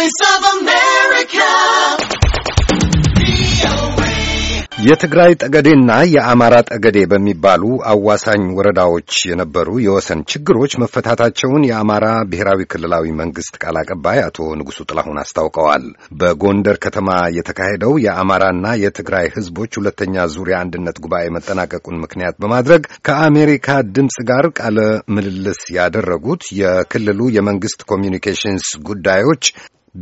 Voice of America. የትግራይ ጠገዴና የአማራ ጠገዴ በሚባሉ አዋሳኝ ወረዳዎች የነበሩ የወሰን ችግሮች መፈታታቸውን የአማራ ብሔራዊ ክልላዊ መንግስት ቃል አቀባይ አቶ ንጉሱ ጥላሁን አስታውቀዋል። በጎንደር ከተማ የተካሄደው የአማራና የትግራይ ህዝቦች ሁለተኛ ዙሪያ አንድነት ጉባኤ መጠናቀቁን ምክንያት በማድረግ ከአሜሪካ ድምፅ ጋር ቃለ ምልልስ ያደረጉት የክልሉ የመንግስት ኮሚኒኬሽንስ ጉዳዮች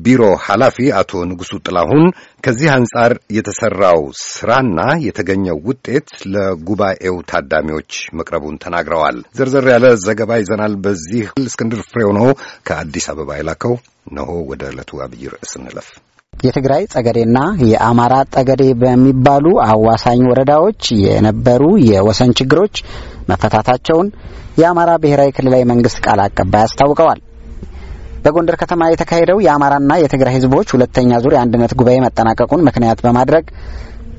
ቢሮ ኃላፊ አቶ ንጉሡ ጥላሁን ከዚህ አንጻር የተሠራው ሥራና የተገኘው ውጤት ለጉባኤው ታዳሚዎች መቅረቡን ተናግረዋል። ዘርዘር ያለ ዘገባ ይዘናል። በዚህ እስክንድር ፍሬው ነው ከአዲስ አበባ የላከው። እነሆ ወደ ዕለቱ አብይ ርዕስ እንለፍ። የትግራይ ጸገዴና የአማራ ጠገዴ በሚባሉ አዋሳኝ ወረዳዎች የነበሩ የወሰን ችግሮች መፈታታቸውን የአማራ ብሔራዊ ክልላዊ መንግስት ቃል አቀባይ አስታውቀዋል። በጎንደር ከተማ የተካሄደው የአማራና የትግራይ ህዝቦች ሁለተኛ ዙር የአንድነት ጉባኤ መጠናቀቁን ምክንያት በማድረግ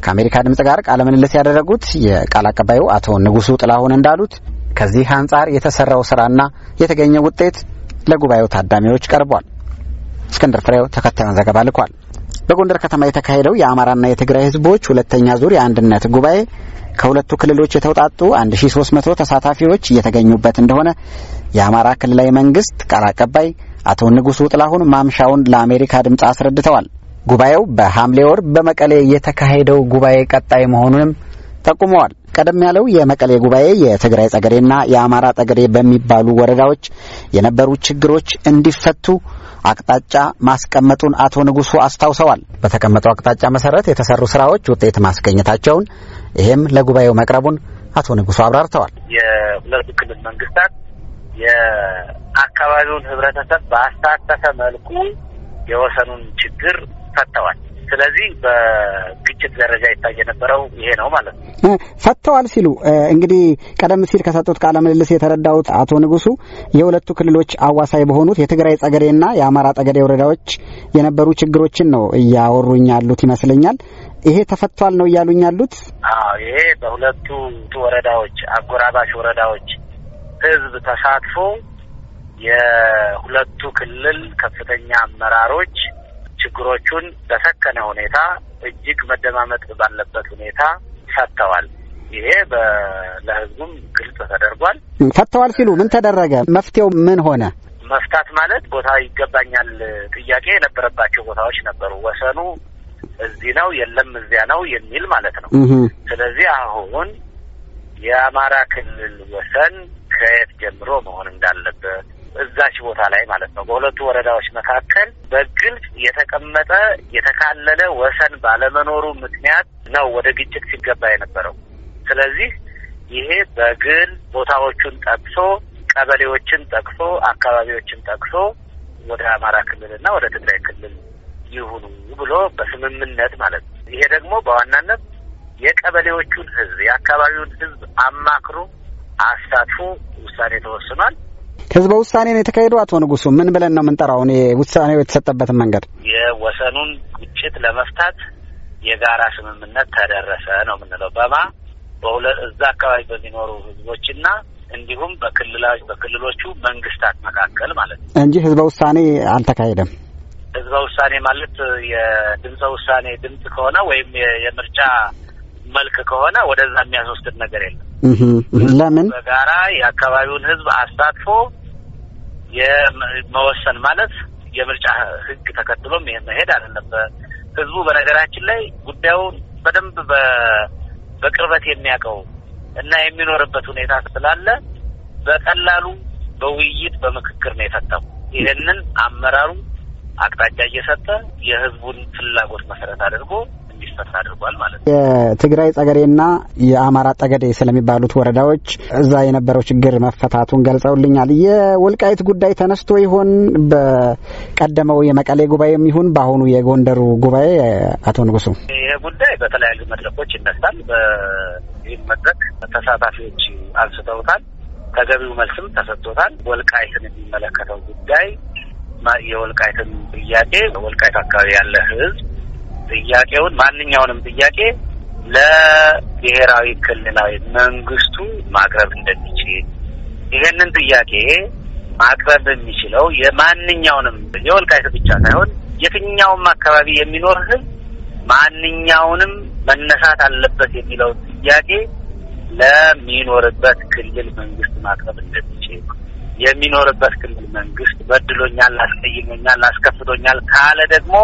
ከአሜሪካ ድምጽ ጋር ቃለ ምልልስ ያደረጉት የቃል አቀባዩ አቶ ንጉሱ ጥላሁን እንዳሉት ከዚህ አንጻር የተሰራው ስራና የተገኘው ውጤት ለጉባኤው ታዳሚዎች ቀርቧል። እስክንድር ፍሬው ተከታዩን ዘገባ ልኳል። በጎንደር ከተማ የተካሄደው የአማራና የትግራይ ህዝቦች ሁለተኛ ዙር የአንድነት ጉባኤ ከሁለቱ ክልሎች የተውጣጡ 1300 ተሳታፊዎች እየተገኙበት እንደሆነ የአማራ ክልላዊ መንግስት ቃል አቀባይ አቶ ንጉሱ ጥላሁን ማምሻውን ለአሜሪካ ድምፅ አስረድተዋል። ጉባኤው በሐምሌ ወር በመቀሌ የተካሄደው ጉባኤ ቀጣይ መሆኑንም ጠቁመዋል። ቀደም ያለው የመቀሌ ጉባኤ የትግራይ ጸገዴና የአማራ ጸገዴ በሚባሉ ወረዳዎች የነበሩ ችግሮች እንዲፈቱ አቅጣጫ ማስቀመጡን አቶ ንጉሱ አስታውሰዋል። በተቀመጠው አቅጣጫ መሰረት የተሰሩ ስራዎች ውጤት ማስገኘታቸውን፣ ይህም ለጉባኤው መቅረቡን አቶ ንጉሱ አብራርተዋል። የሁለቱ ክልል መንግስታት የአካባቢውን ህብረተሰብ በአሳተፈ መልኩ የወሰኑን ችግር ፈተዋል። ስለዚህ በግጭት ደረጃ ይታይ የነበረው ይሄ ነው ማለት ነው። ፈተዋል ሲሉ እንግዲህ ቀደም ሲል ከሰጡት ቃለ ምልልስ የተረዳሁት አቶ ንጉሱ የሁለቱ ክልሎች አዋሳኝ በሆኑት የትግራይ ጸገዴና የአማራ ጸገዴ ወረዳዎች የነበሩ ችግሮችን ነው እያወሩኝ ያሉት ይመስለኛል። ይሄ ተፈቷል ነው እያሉኝ ያሉት? አዎ ይሄ በሁለቱ ወረዳዎች አጎራባሽ ወረዳዎች ህዝብ ተሳትፎ የሁለቱ ክልል ከፍተኛ አመራሮች ችግሮቹን በሰከነ ሁኔታ እጅግ መደማመጥ ባለበት ሁኔታ ፈተዋል። ይሄ ለህዝቡም ግልጽ ተደርጓል። ፈተዋል ሲሉ ምን ተደረገ? መፍትሄው ምን ሆነ? መፍታት ማለት ቦታ ይገባኛል ጥያቄ የነበረባቸው ቦታዎች ነበሩ። ወሰኑ እዚህ ነው የለም እዚያ ነው የሚል ማለት ነው። ስለዚህ አሁን የአማራ ክልል ወሰን ከየት ጀምሮ መሆን እንዳለበት እዛች ቦታ ላይ ማለት ነው። በሁለቱ ወረዳዎች መካከል በግልጽ የተቀመጠ የተካለለ ወሰን ባለመኖሩ ምክንያት ነው ወደ ግጭት ሲገባ የነበረው። ስለዚህ ይሄ በግል ቦታዎቹን ጠቅሶ ቀበሌዎችን ጠቅሶ አካባቢዎችን ጠቅሶ ወደ አማራ ክልልና ወደ ትግራይ ክልል ይሁኑ ብሎ በስምምነት ማለት ነው። ይሄ ደግሞ በዋናነት የቀበሌዎቹን ሕዝብ የአካባቢውን ሕዝብ አማክሮ አሳትፎ ውሳኔ ተወስኗል። ህዝበ ውሳኔ ነው የተካሄደው። አቶ ንጉሱ ምን ብለን ነው የምንጠራው? ውሳኔው የተሰጠበትን መንገድ የወሰኑን ግጭት ለመፍታት የጋራ ስምምነት ተደረሰ ነው የምንለው በማ እዛ አካባቢ በሚኖሩ ህዝቦችና እንዲሁም በክልላዊ በክልሎቹ መንግስታት መካከል ማለት ነው እንጂ ህዝበ ውሳኔ አልተካሄደም። ህዝበ ውሳኔ ማለት የድምፀ ውሳኔ ድምፅ ከሆነ ወይም የምርጫ መልክ ከሆነ ወደዛ የሚያስወስድ ነገር የለም። ለምን በጋራ የአካባቢውን ህዝብ አሳትፎ የመወሰን ማለት የምርጫ ህግ ተከትሎም ይሄ መሄድ አይደለም። ህዝቡ በነገራችን ላይ ጉዳዩን በደንብ በቅርበት የሚያውቀው እና የሚኖርበት ሁኔታ ስላለ በቀላሉ በውይይት በምክክር ነው የፈታው። ይህንን አመራሩ አቅጣጫ እየሰጠ የህዝቡን ፍላጎት መሰረት አድርጎ እንዲፈታ አድርጓል ማለት ነው። የትግራይ ጠገዴና የአማራ ጠገዴ ስለሚባሉት ወረዳዎች እዛ የነበረው ችግር መፈታቱን ገልጸውልኛል። የወልቃይት ጉዳይ ተነስቶ ይሆን በቀደመው የመቀሌ ጉባኤም ይሁን በአሁኑ የጎንደሩ ጉባኤ? አቶ ንጉሱ፣ ይሄ ጉዳይ በተለያዩ መድረኮች ይነሳል። በይህ መድረክ ተሳታፊዎች አንስተውታል። ተገቢው መልስም ተሰጥቶታል። ወልቃይትን የሚመለከተው ጉዳይ የወልቃይትን ጥያቄ በወልቃይት አካባቢ ያለ ሕዝብ ጥያቄውን ማንኛውንም ጥያቄ ለብሔራዊ ክልላዊ መንግስቱ ማቅረብ እንደሚችል ይህንን ጥያቄ ማቅረብ የሚችለው የማንኛውንም የወልቃይት ብቻ ሳይሆን የትኛውም አካባቢ የሚኖር ህዝብ ማንኛውንም መነሳት አለበት የሚለው ጥያቄ ለሚኖርበት ክልል መንግስት ማቅረብ እንደሚችል የሚኖርበት ክልል መንግስት በድሎኛል፣ አስቀይሞኛል፣ አስከፍቶኛል ካለ ደግሞ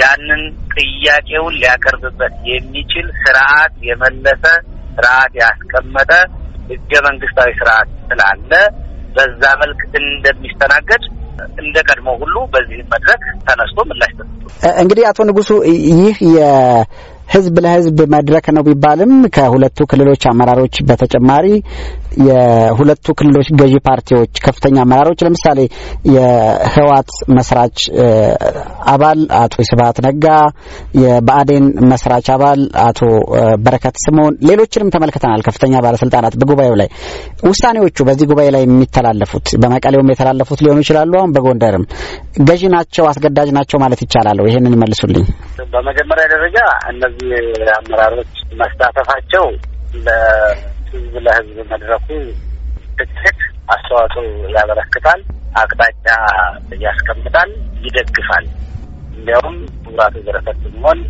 ያንን ጥያቄውን ሊያቀርብበት የሚችል ስርዓት የመለሰ ስርዓት ያስቀመጠ ህገ መንግስታዊ ስርዓት ስላለ በዛ መልክ እንደሚስተናገድ እንደ ቀድሞ ሁሉ በዚህ መድረክ ተነስቶ ምላሽ እንግዲህ አቶ ንጉሱ ይህ ህዝብ ለህዝብ መድረክ ነው ቢባልም ከሁለቱ ክልሎች አመራሮች በተጨማሪ የሁለቱ ክልሎች ገዢ ፓርቲዎች ከፍተኛ አመራሮች ለምሳሌ የህወሓት መስራች አባል አቶ ስብሀት ነጋ፣ የብአዴን መስራች አባል አቶ በረከት ስምኦን፣ ሌሎችንም ተመልክተናል። ከፍተኛ ባለስልጣናት በጉባኤው ላይ ውሳኔዎቹ በዚህ ጉባኤ ላይ የሚተላለፉት በመቀሌውም የተላለፉት ሊሆኑ ይችላሉ። አሁን በጎንደርም ገዢ ናቸው፣ አስገዳጅ ናቸው ማለት ይቻላለሁ። ይሄንን ይመልሱልኝ። በመጀመሪያ ደረጃ እነዚህ አመራሮች መሳተፋቸው ለህዝብ ለህዝብ መድረኩ ትክክል አስተዋጽኦ ያበረክታል፣ አቅጣጫ ያስቀምጣል፣ ይደግፋል። እንዲያውም ቡራቱ ዘረፈት ብንሆን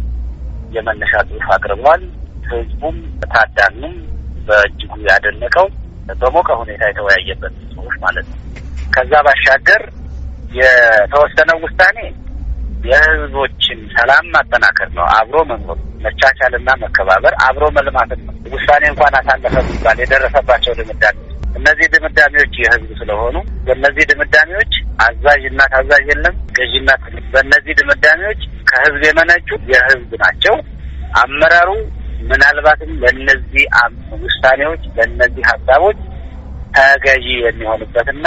የመነሻ ጽሁፍ አቅርቧል። ህዝቡም ታዳሚም በእጅጉ ያደነቀው በሞቀ ሁኔታ የተወያየበት ጽሁፍ ማለት ነው። ከዛ ባሻገር የተወሰነው ውሳኔ የህዝቦችን ሰላም ማጠናከር ነው። አብሮ መኖር፣ መቻቻልና መከባበር፣ አብሮ መልማትን ነው። ውሳኔ እንኳን አሳለፈ ሚባል የደረሰባቸው ድምዳሜዎች እነዚህ ድምዳሜዎች የህዝብ ስለሆኑ በእነዚህ ድምዳሜዎች አዛዥና ታዛዥ የለም፣ ገዥና በእነዚህ ድምዳሜዎች ከህዝብ የመነጩ የህዝብ ናቸው። አመራሩ ምናልባትም ለእነዚህ ውሳኔዎች ለእነዚህ ሀሳቦች ተገዢ የሚሆንበትና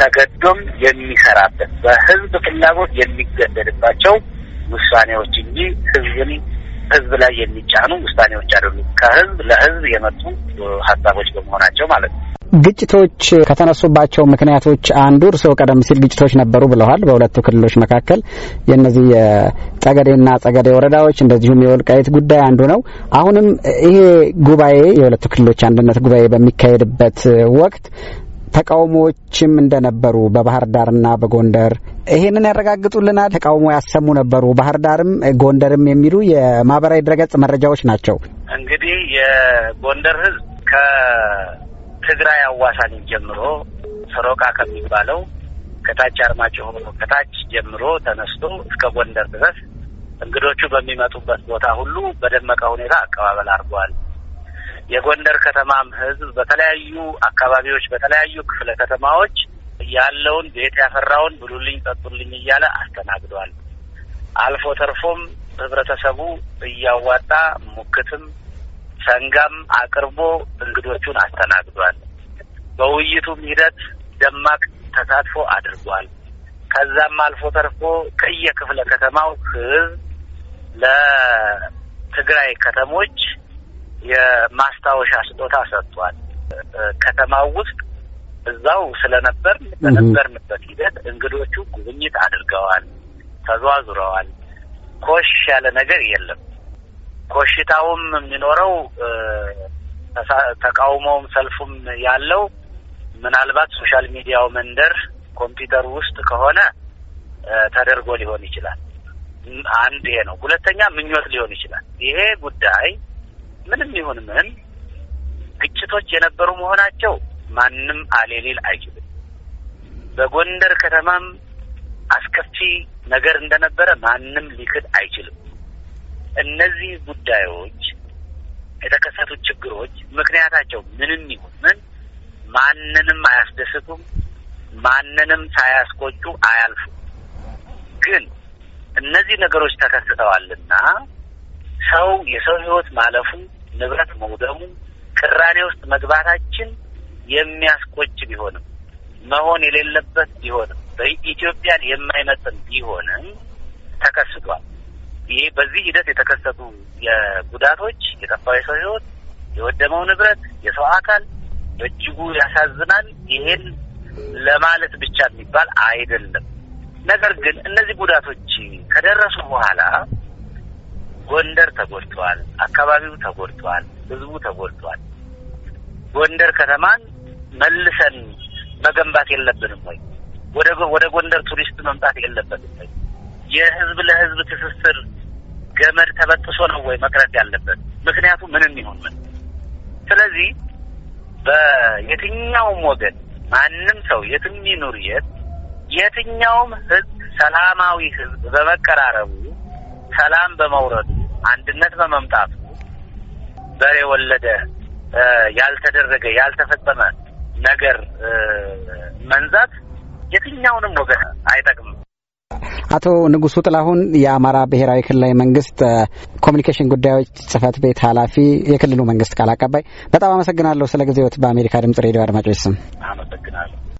ተገዶም የሚሰራበት በህዝብ ፍላጎት የሚገደድባቸው ውሳኔዎች እንጂ ህዝብን ህዝብ ላይ የሚጫኑ ውሳኔዎች አይደሉም። ከህዝብ ለህዝብ የመጡ ሀሳቦች በመሆናቸው ማለት ነው። ግጭቶች ከተነሱባቸው ምክንያቶች አንዱ እርስዎ ቀደም ሲል ግጭቶች ነበሩ ብለዋል። በሁለቱ ክልሎች መካከል የእነዚህ የጸገዴና ጸገዴ ወረዳዎች እንደዚሁም የወልቃይት ጉዳይ አንዱ ነው። አሁንም ይሄ ጉባኤ የሁለቱ ክልሎች አንድነት ጉባኤ በሚካሄድበት ወቅት ተቃውሞዎችም እንደነበሩ በባህር ዳርና በጎንደር ይሄንን ያረጋግጡልናል። ተቃውሞ ያሰሙ ነበሩ ባህር ዳርም ጎንደርም የሚሉ የማህበራዊ ድረገጽ መረጃዎች ናቸው። እንግዲህ የጎንደር ህዝብ ከትግራይ አዋሳኝ ጀምሮ ሰሮቃ ከሚባለው ከታች አርማጭሆ ከታች ጀምሮ ተነስቶ እስከ ጎንደር ድረስ እንግዶቹ በሚመጡበት ቦታ ሁሉ በደመቀ ሁኔታ አቀባበል አድርገዋል። የጎንደር ከተማም ህዝብ በተለያዩ አካባቢዎች በተለያዩ ክፍለ ከተማዎች ያለውን ቤት ያፈራውን ብሉልኝ ጠጡልኝ እያለ አስተናግዷል። አልፎ ተርፎም ህብረተሰቡ እያዋጣ ሙክትም ሰንጋም አቅርቦ እንግዶቹን አስተናግዷል። በውይይቱም ሂደት ደማቅ ተሳትፎ አድርጓል። ከዛም አልፎ ተርፎ ከየክፍለ ከተማው ህዝብ ለትግራይ ከተሞች የማስታወሻ ስጦታ ሰጥቷል። ከተማው ውስጥ እዛው ስለነበር በነበርንበት ሂደት እንግዶቹ ጉብኝት አድርገዋል፣ ተዟዙረዋል። ኮሽ ያለ ነገር የለም። ኮሽታውም የሚኖረው ተቃውሞውም ሰልፉም ያለው ምናልባት ሶሻል ሚዲያው መንደር ኮምፒውተር ውስጥ ከሆነ ተደርጎ ሊሆን ይችላል። አንድ ይሄ ነው። ሁለተኛ ምኞት ሊሆን ይችላል። ይሄ ጉዳይ ምንም ይሁን ምን ግጭቶች የነበሩ መሆናቸው ማንም አሌሌል አይችልም። በጎንደር ከተማም አስከፊ ነገር እንደነበረ ማንም ሊክድ አይችልም። እነዚህ ጉዳዮች የተከሰቱት ችግሮች ምክንያታቸው ምንም ይሁን ምን ማንንም አያስደስቱም፣ ማንንም ሳያስቆጩ አያልፉም። ግን እነዚህ ነገሮች ተከስተዋልና ሰው የሰው ሕይወት ማለፉ ንብረት መውደሙ፣ ቅራኔ ውስጥ መግባታችን የሚያስቆጭ ቢሆንም መሆን የሌለበት ቢሆንም በኢትዮጵያን የማይመጥን ቢሆንም ተከስቷል። ይሄ በዚህ ሂደት የተከሰቱ የጉዳቶች የጠፋው የሰው ህይወት፣ የወደመው ንብረት፣ የሰው አካል በእጅጉ ያሳዝናል። ይሄን ለማለት ብቻ የሚባል አይደለም። ነገር ግን እነዚህ ጉዳቶች ከደረሱ በኋላ ጎንደር ተጎድተዋል። አካባቢው ተጎድተዋል። ህዝቡ ተጎድተዋል። ጎንደር ከተማን መልሰን መገንባት የለብንም ወይ? ወደ ጎንደር ቱሪስት መምጣት የለበትም ወይ? የህዝብ ለህዝብ ትስስር ገመድ ተበጥሶ ነው ወይ መቅረት ያለበት? ምክንያቱም ምንም ይሁን ምን፣ ስለዚህ በየትኛውም ወገን ማንም ሰው የትም ይኑር የት የትኛውም ህዝብ ሰላማዊ ህዝብ በመቀራረቡ ሰላም በመውረዱ አንድነት በመምጣቱ በሬ የወለደ ያልተደረገ ያልተፈጸመ ነገር መንዛት የትኛውንም ወገን አይጠቅምም። አቶ ንጉሱ ጥላሁን የአማራ ብሔራዊ ክልላዊ መንግስት ኮሚኒኬሽን ጉዳዮች ጽህፈት ቤት ኃላፊ፣ የክልሉ መንግስት ቃል አቀባይ፣ በጣም አመሰግናለሁ ስለ ጊዜዎት። በአሜሪካ ድምጽ ሬዲዮ አድማጮች ስም አመሰግናለሁ።